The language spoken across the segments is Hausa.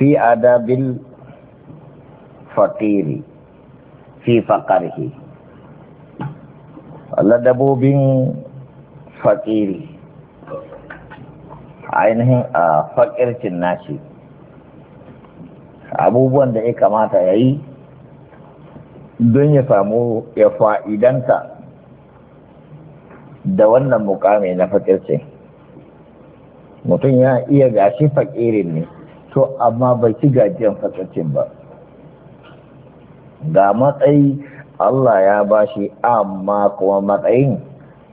fi adabil fatiri fi faƙarhi ladabobin fatiri ainihin a fakircin nashi abubuwan da ya kamata ya yi don ya samu ya fa'idanta da wannan mukami na fakircin. mutum ya iya gashi fakirin ne to amma bai ci gajiyan fasacin ba ga matsayi Allah ya bashi amma kuma matsayin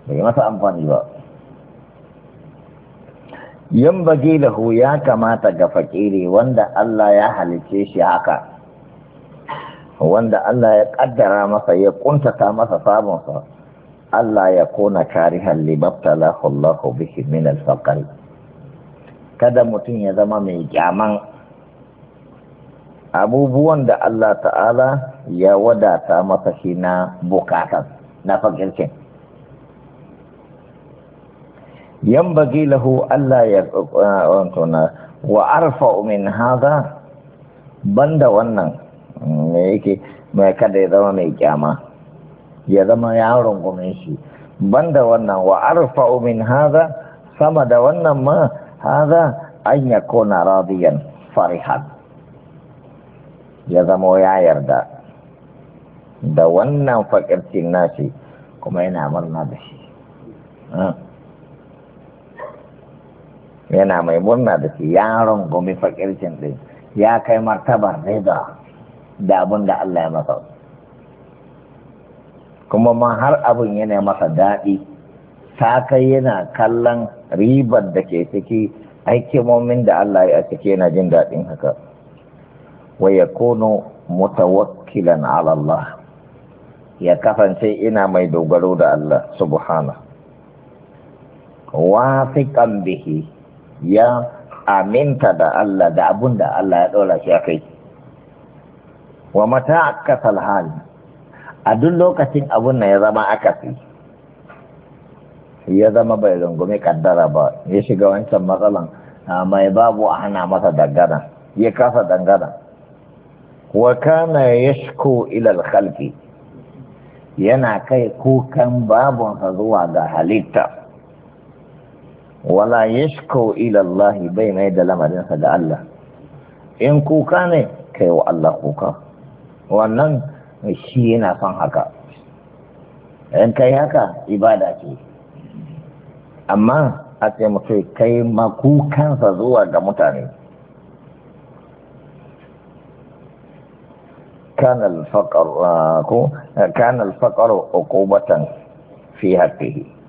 bai masa amfani ba yan bage lahu ya kamata ga fakiri wanda Allah ya halice shi haka wanda Allah ya kaddara masa ya kuntata masa sabonsa Allah ya kona karihan "Lahu Allah bihi min al kada mutum ya zama mai kyaman abubuwan da Allah ta'ala ya wadata masa shi na bukatan na fakircin yan bagi lahu Allah ya uh, wantona wa arfa min haza banda wannan mm, me yake mai kada ya zama mai kyama ya zama ya rungume shi banda wannan wa arfa min haza sama da wannan ma hada an ya kona radiyan farihan ya zamo ya yarda da wannan fakircin nashi kuma yana murna da shi yana mai murna da shi yaron gumi fakircin din ya kai martabar rida da abin da Allah ya masa kuma ma har abin yana masa daɗi ta kai yana kallon ribar da ke ciki aikimomin da Allah ya cike na jin daɗin haka wa ya kono mutawakkilan Allah ya kasance ina mai dogaro da Allah subhana fi bihi ya aminta da Allah da abun da Allah ya ɗora shi kai wa mata akasal hali a duk lokacin abun na ya zama akasi ya zama bai rungume kaddara ba ya shiga wancan matsalan mai babu a hana masa dangana ya kasa dangana wa kana yashku ila al yana kai kukan babunsa zuwa ga halitta wala yashku ila Allah bai mai da lamarinsa da Allah in kuka ne kai wa Allah kuka wannan shi yana son haka in kai haka ibada ce amma a ce mutum kai makukansa zuwa ga mutane kan الفقر كان fi عقوبة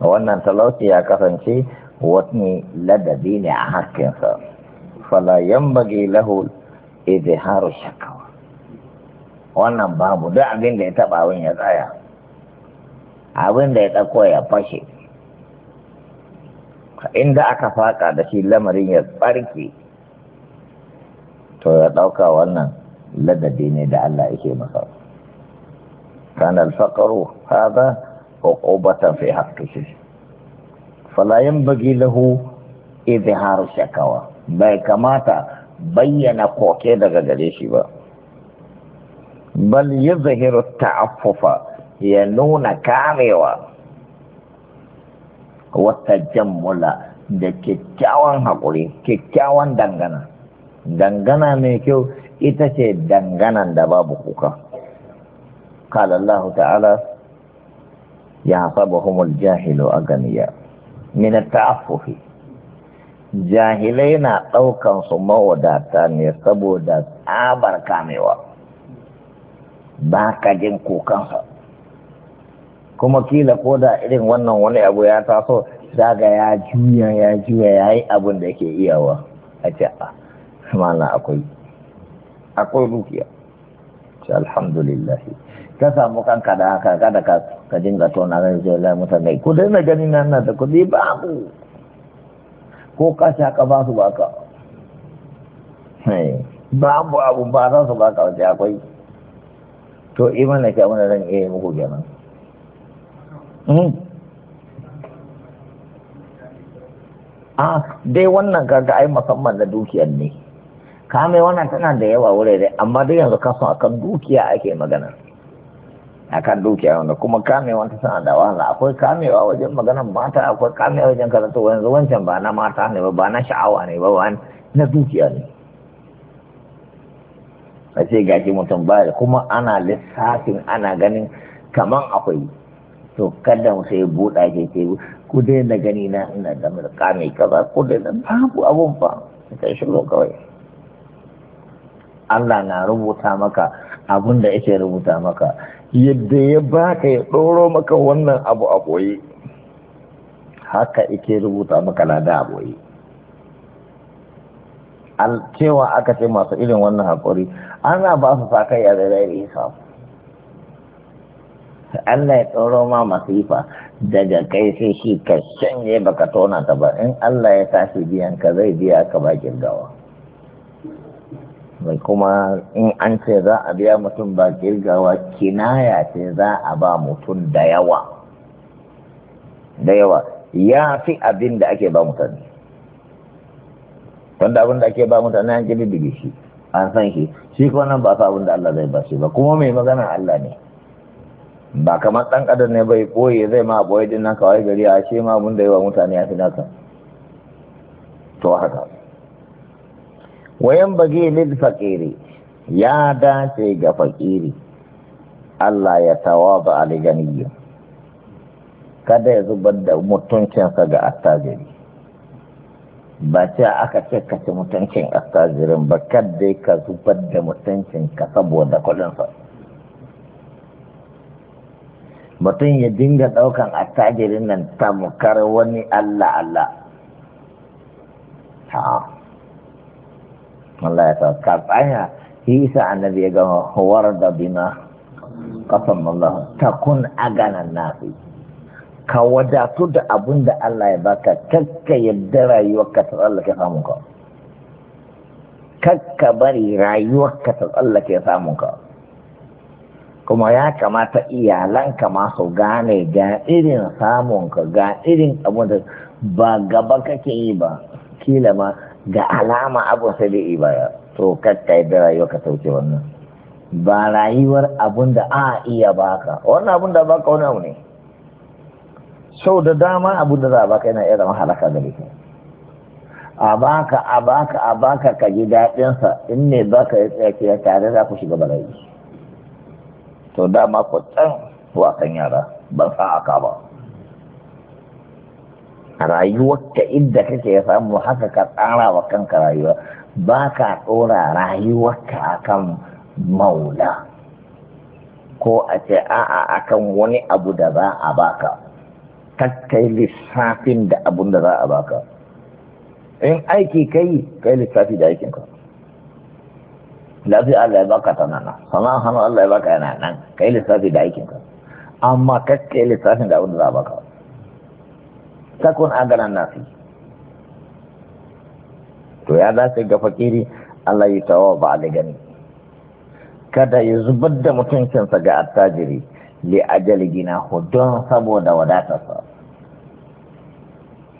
wannan talauci ya kasance wani ladabi ne a hakkinsa fala lahul lahu haru shakawa wannan babu da abin da ya taba abin ya tsaya Abinda ya tsako ya fashe inda aka faka da shi lamarin ya tsarki to ya ɗauka wannan ladabi ne da Allah yake masa kan alfaƙaru haza uqubatan fi haqqihi Falayen yanbaghi lahu izharu shakawa bai kamata bayyana koke daga gare shi ba bal yuzhiru ta'affufa ya nuna kamewa wata jammula da kyakkyawan haƙuri kyakkyawan dangana dangana mai kyau ita ce danganan da babu kuka قال الله تعالى يعصبهم الجاهل أغنياء من Jahilai na ɗaukan su mawadata ne saboda tsabar kamewa ba ka jin kukansa kuma kila ko da irin wannan wani abu ya taso daga ya juya ya juya ya yi abin da iya iyawa a ce a ah, mana akwai akwai rukiya ce alhamdulillah ka samu kanka da haka kada ka ka dinga tona zai zai lai mutane ku daina gani nan na da ba mu. ko ka sha ka ba su baka mu abu ba za su baka wace akwai to imanin ke abin da zan iya muku kenan Hmm. a ah, dai wannan kaga ai musamman da dukiyar ne kame wannan tana da yawa wurare amma dai yanzu a akan dukiya ake magana akan dukiya wanda kuma kamewa ta tana da wahala akwai kamewa wajen magana mata akwai kamewa wajen karatu yanzu wancan ba na mata ne ba na sha'awa ne ba ba na dukiya ne a ce gashi mutum ba kuma ana lissafin ana ganin kaman akwai to kada mu sai buɗa ke ce ku daina gani na ina da mulka mai kaza ku daina babu abun fa kai shiru kawai Allah na rubuta maka abun da yake rubuta maka yadda ya baka ya ɗoro maka wannan abu a boye haka yake rubuta maka lada a boye cewa aka ce masu irin wannan haƙuri ana ba su sa kai a zai zai Allah ya tsoro ma masifa daga kai sai shi ka shanye baka tona ta ba in Allah ya tashi biyan ka zai biya ka ba girgawa mai kuma in an ce za a biya mutum ba girgawa kinaya ce za a ba mutum da yawa da yawa ya fi abin da ake ba mutane wanda abin da ake ba mutane an ji shi an san shi shi kuma nan ba sa abin da Allah zai ba shi ba kuma mai magana Allah ne ba kamar ɗan adam ne bai boye zai ma boye din nan kawai gari a ce ma mun da yawa mutane a fi naka to haka wayan bage lil fakiri ya dace ga fakiri Allah ya tawaba aliganiyya kada ya zubar da mutuncinsa ga attajiri ba ce aka ce ka mutuncin attajirin ba kada ka zubar da mutuncinka saboda kudinsa. mutum ya dinga ɗaukan attajirin nan tamkar wani Allah Allah ha Allah ya sauka tsaya isa annabi ya gama huwar da bina kasan Allah a ganan nafi ka wadatu da abin da Allah ya baka kakka yadda rayuwarka ta tsallake ka, kakka bari rayuwarka ta tsallake ka. kuma ya kamata iyalanka ma su gane ga irin samunka ga irin abu da ba gaba kake yi ba kila ma ga alama abun sai da ibaya to kakka yi da rayuwa ka sauke wannan ba rayuwar abun da a iya baka wannan abun da baka wani abu ne sau da dama abun da za a baka yana iya halaka da ka a baka a baka a baka ka ji daɗinsa in ne baka ya ya tare za ku shiga bala'i to dama kwatsan wasan yara ban sa aka ba rayuwar ta inda kake ya samu haka ka tsara wa kanka rayuwa ba ka tsora rayuwarka akan maula ko a ce a'a akan wani abu da za a baka kakai lissafin da abun da za a baka in aiki kai kai lissafi da aikinka Lafi Allah ya baka ta nan sana hannu Allah ya baka yana nan ka yi lissafi da aikin ka amma kakke lissafin da abin da za a baka takun agaran nasi to ya dace ga fakiri Allah yi tawa ba da gani kada ya zubar da mutuncinsa ga attajiri li ajali gina don saboda wadatarsa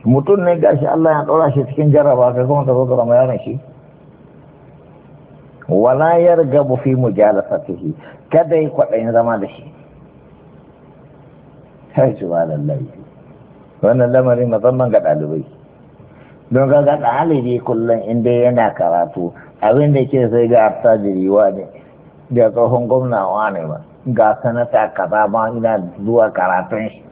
mutum ne gashi Allah ya ɗora shi cikin jarraba ka kuma ta zo ga ramayarin shi wala gabu fi mujalasatihi kada yi kwaɗayin zama da shi sai shi ba lallai wannan lamarin musamman ga ɗalibai don ga ɗalibi kullum inda yana karatu abin da ke sai ga attajiri wa ne da tsohon gwamna wa ne ba ga sanata kaza ma ina zuwa karatun shi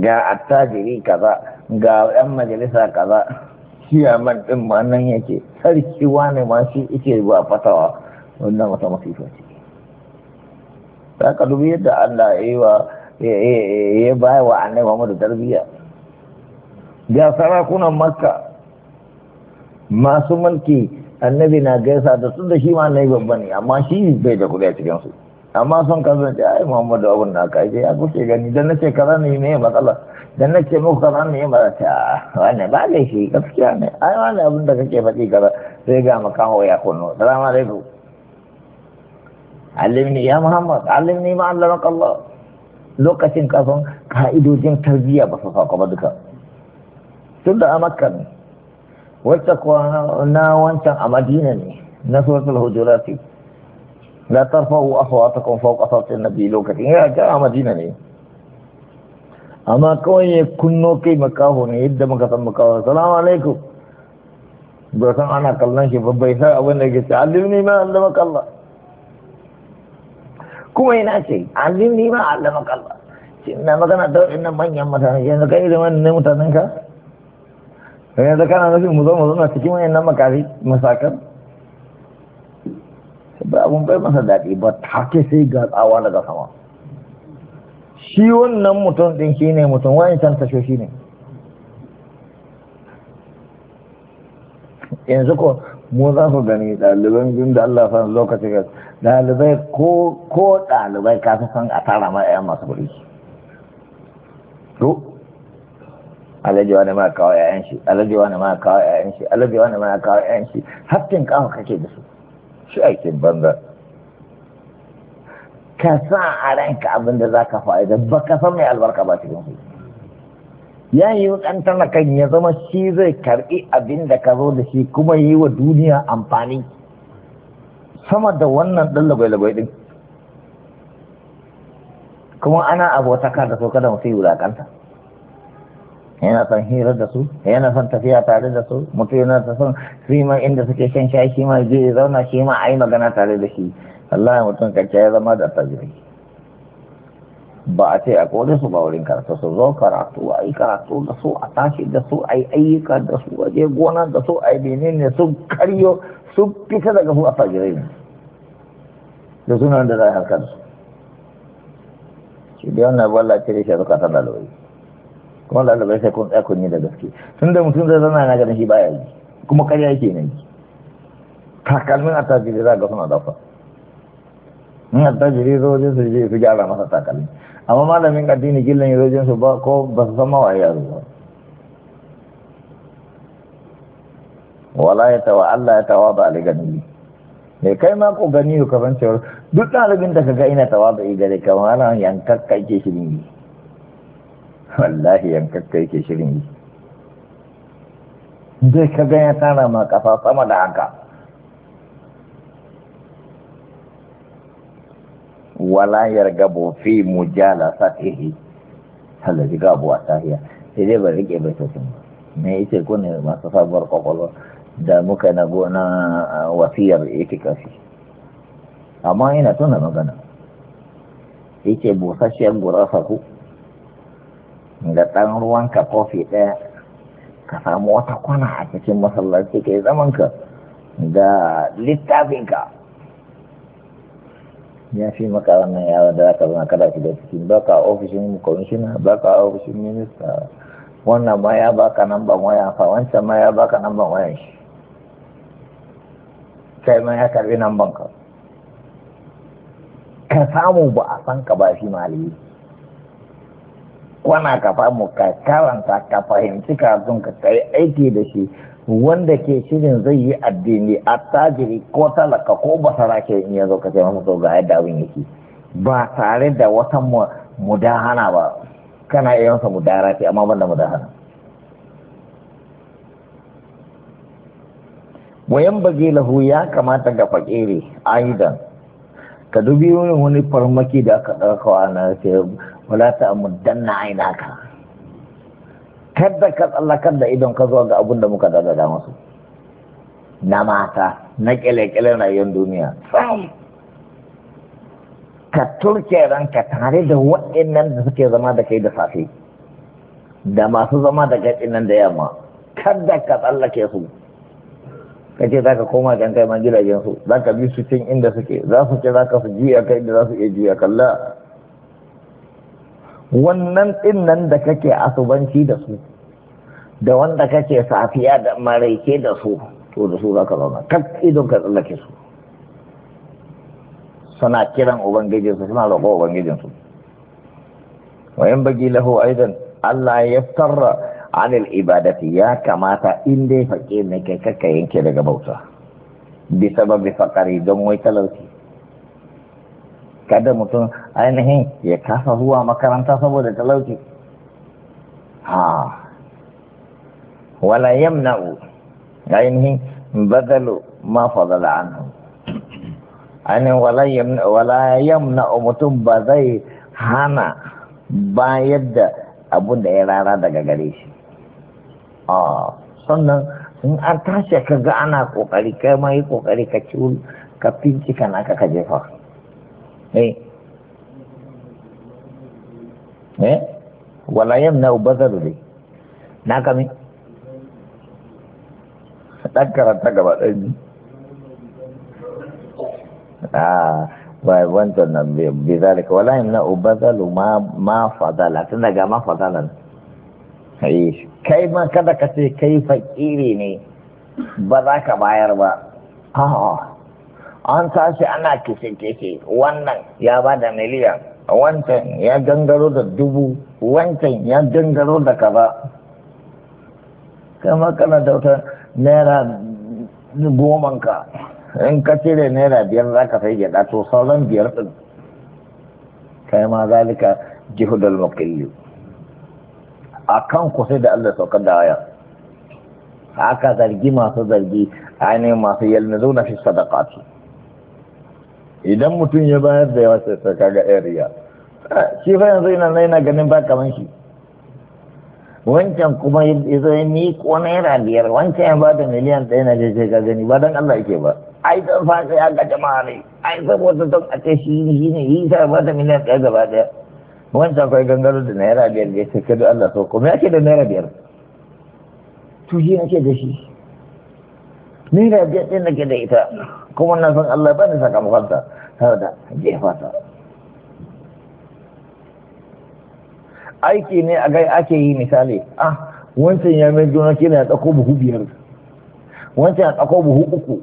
ga attajiri kaza ga 'yan majalisa kaza ciyaman din ma nan yake sarki wane ma shi yake ba fatawa wannan wata masifa ce za ka dubi yadda Allah ya ba wa annai Muhammad da tarbiyya ga sarakunan makka masu mulki annabi na gaisa da su da shi ma annai babba ne amma shi bai da kudi a su amma kan kasance ai Muhammad da abin da aka ya kuke gani dan na shekara ne ne matsala da nake muku kamar ne ba ta wannan ba da shi gaskiya ne ai wani abin da kake faɗi kaza sai ga makaho ya kuno salamu alaikum alimni ya muhammad alimni ma Allah Allah lokacin kafin ka'idojin tarbiyya ba su sauka ba duka tun da a makka ne wacce kuwa na wancan a madina ne na suratul hujurati la tarfa'u aswatakum fawqa sawti an-nabi lokacin ya ga a madina ne amma kawai ya kunno kai makaho ne yadda muka san makaho salamu alaikum ba san ana kallon shi babbai sai abin da ke ce ne ma allama kalla kuma yana ce ne ma allama kalla shi na magana da ina manyan mutane yanzu kai da wannan mutanen ka yanzu kana nufin mu zo mu zauna cikin wayannan makari masakar ba abun bai masa daɗi ba take sai ga tsawa daga sama shi wannan mutum din shi ne mutum wani can tasho shi ne yanzu ko mu za su gani ɗaliban jin da Allah san lokaci ga ɗalibai ko ko ɗalibai ka fi san a tara ma ƴaƴan masu kuɗi to alaji wani ma kawo ƴaƴan shi alaji wani ma kawo ƴaƴan shi alaji wani ma kawo ƴaƴan shi hafin kawo kake da su shi aikin banza ka sa a ranka abin da za ka fa'ida ba ka san mai albarka ba cikin su ya yi wukan talakan ya zama shi zai karɓi abin da ka zo da shi kuma yi wa duniya amfani sama da wannan ɗan lagwai-lagwai ɗin kuma ana abota ka da so kada mutum yi wulakanta yana son hira da su yana son tafiya tare da su mutum yana ta son su ma inda suke shan shayi shi ma je zauna shi ma a yi magana tare da shi Allah ya mutum kacce ya zama da tajiri ba a ce a kodin su ba wurin karatu su zo karatu a yi karatu da su a tashi da su a yi ayyuka da su a je gona da su a yi menene sun karyo sun fita daga su a tajiri ne da sunan da za a harkar su shi da wannan na bala cire shi zuka ta daloyi Allah bai sai kun tsaya kun yi da gaske tun da mutum zai zana na ganin shi baya yi kuma karya yake ne takalmin attajiri za ga suna dafa in attajiri zo wajen su je su gyara masa takalmi amma malamin addini gillan yi wajen su ba ko ba su san mawaye yaro ba wala ya tawa Allah ya tawa ba aligani ne kai ma ko gani ka ban cewar duk ɗalibin da ka ga ina tawa ba igare kamar yankan kai ke shi ne wallahi yankakka yake shirin yi zai ka ganya ya tara ma kafa sama da haka wala yargabo fi mujalasatihi Allah ji gabu a tahiya sai dai ba rike bai ba, me yace ko ne masu sabuwar kwakwalwa da muka na gona wasiyar yake kafi amma ina tuna magana yake busasshiyar gurasa ku da ɗan ruwanka kofi ɗaya ka samu wata kwana a cikin masallaci kai zaman zamanka da littafinka ya fi maka wannan yawon da aka zama kada shi da cikin baka ofishin kwamishina baka ofishin minista wannan ma ya baka nan ban waya fa wancan ma ya baka nan ban wayan shi kai ma ya karbi nan ban ka samu ba a san ka ba shi malami kwana ka famu ka karanta ka fahimci karatun ka kai aiki da shi wanda ke shirin zai yi addini a tajiri ko talaka ko basara ke in yanzu ka taimaka masa ga yadda abin yake ba tare da wata mudahana ba kana iya masa mudahara ce amma banda mudahana wayan bage lahu ya kamata ga fakiri aidan ka dubi wani farmaki da aka ɗauka na ce wala ta muddanna ainaka kada ka tsallakar da idon ka zuwa ga abun da muka dadada masu na mata na kyale na rayuwar duniya tsam ka turke ranka tare da waɗannan da suke zama da kai da safe da masu zama da kai nan da yamma kada ka tsallake su ka ce za ka koma kan kai ma gidajensu za ka bi su cin inda suke za su ce za ka su juya kai da za su iya juya kalla wannan ɗin da kake asubanci da su da wanda kake safiya da maraice da su to da su zaka zauna kak idon ka tsallake su suna kiran ubangijinsu suna roƙo ubangijinsu wa yan bagi lahu aidan Allah ya tarra anil ibadati ya kamata in dai faƙe ne kai kakka yanke daga bauta bi sababi faqari don wai talauci kada mutum ainihin ya kasa zuwa makaranta saboda talauci ha wala yamna'u ainihin badalu ma fadala anhu ainihin wala yamna'u wala yamna'u mutum ba zai hana bayar da abun da ya rara daga gare shi a sannan in an tashi ka ga ana kokari kai ma yi kokari ka ci ka fincika naka ka jefa eh eh wala yamna bazalu dai na kame dan karanta gaba ɗari ah bai wancan na bai zalika wala yamna uba ma ma fadala tun daga ma fadala eh, kai ma kada ka ce kai fakiri ne ba za ka bayar ba a'a an tashi ana kese-kese wannan ya ba da miliyan wancan ya gangaro da dubu wancan ya gangaro da kaza kama kana da wata naira gomanka in ka cire naira biyar za ka sai gyaɗa to sauran biyar ɗin kai ma zalika jihudul muqilli a kan kusa da Allah saukar da waya. haka zargi masu zargi ainihin masu na fi su idan mutum ya bayar da yawa sai ga kaga area ah, shi fa yanzu ina na ganin ba kaman shi wancan kuma ya zo ya naira biyar wancan ya bada miliyan ɗaya na je ka gani ba don Allah yake ba ai don fasa ya ga jama'a ne ai saboda don a ce shi shi ne yi sa bada miliyan ɗaya gaba ɗaya wancan kai gangaro da naira biyar ya ce ka Allah so kuma ya ke da naira biyar to shi nake da shi ni da jin nake da ita kuma na san Allah ba ni sakamakonta saboda jefa ta aiki ne a gai ake yi misali ah wancan ya mai gona kina ya tsako buhu biyar wancan ya tsako buhu uku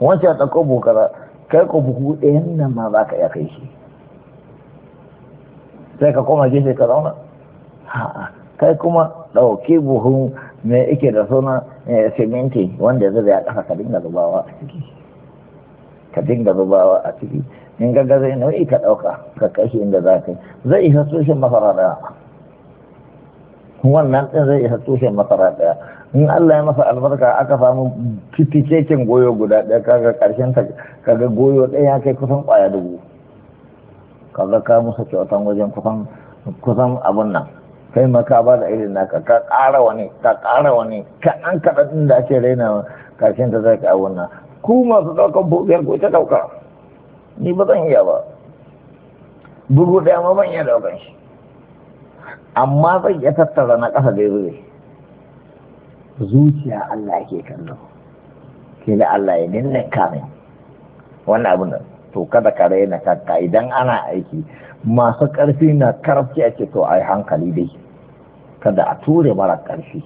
wancan ya tsako buhu kaza kai ko buhu eh, ɗayan nan ma ba ka iya kai shi sai ka koma gefe ka zauna a'a kai kuma ɗauki buhun mai yake da suna eh, siminti wanda zai ya ƙasa ka dinga zubawa a ciki ka dinga zubawa a ciki in gaga zai nau'i ka ɗauka ka kashi inda za ka zai isa tushen masara ɗaya wannan ɗin zai isa tushen masara ɗaya in Allah ya masa albarka aka samu fitikekin goyo guda ɗaya kaga ƙarshen ta kaga goyo ɗaya kai kusan ƙwaya dubu kaga ka musu kyautan wajen kusan kusan abun nan kai ma ka ba da irin naka ka ƙara wani ka ƙara wani ka an kaɗa ɗin da ake rainawa karshen ta zai kawo wannan ku masu ɗaukar bugiyar ku ita ɗauka ni ba zan iya ba bugu ɗaya ma ban iya dauka shi amma zai iya tattara na ƙasa da zuwa zuciya Allah yake kallo ke da Allah ya ninnin kamin wannan abin nan to kada ka raina kanka idan ana aiki masu ƙarfi na karfi ake to a hankali dai kada a ture mara ƙarfi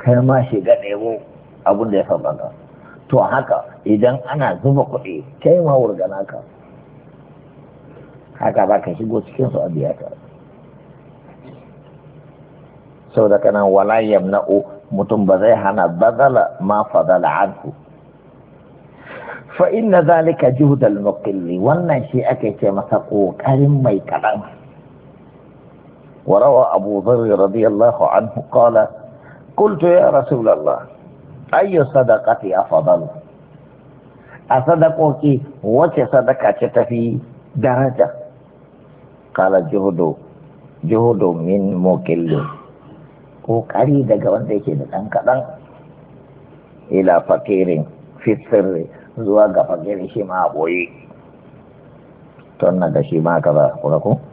kai ma shiga ɗebo abin da ya sauƙaƙa to haka idan ana zuba kuɗi kai ma wurgana ka haka ba ka shigo cikin su a biya ka sau da wala yamna'u mutum ba zai hana bazala ma fadala anhu fa inna zalika juhdal muqilli wannan shi ake ce masa kokarin mai kaɗan وروى أبو ذر رضي الله عنه قال قلت يا رسول الله أي صدقة أفضل أصدقك وكي صدقة تفي درجة قال جهد جهد من مكل وقري دقوان ديكي دقان كدان إلى فقير في السر زواج فقير شما أبوي تنك شما كذا قلقوا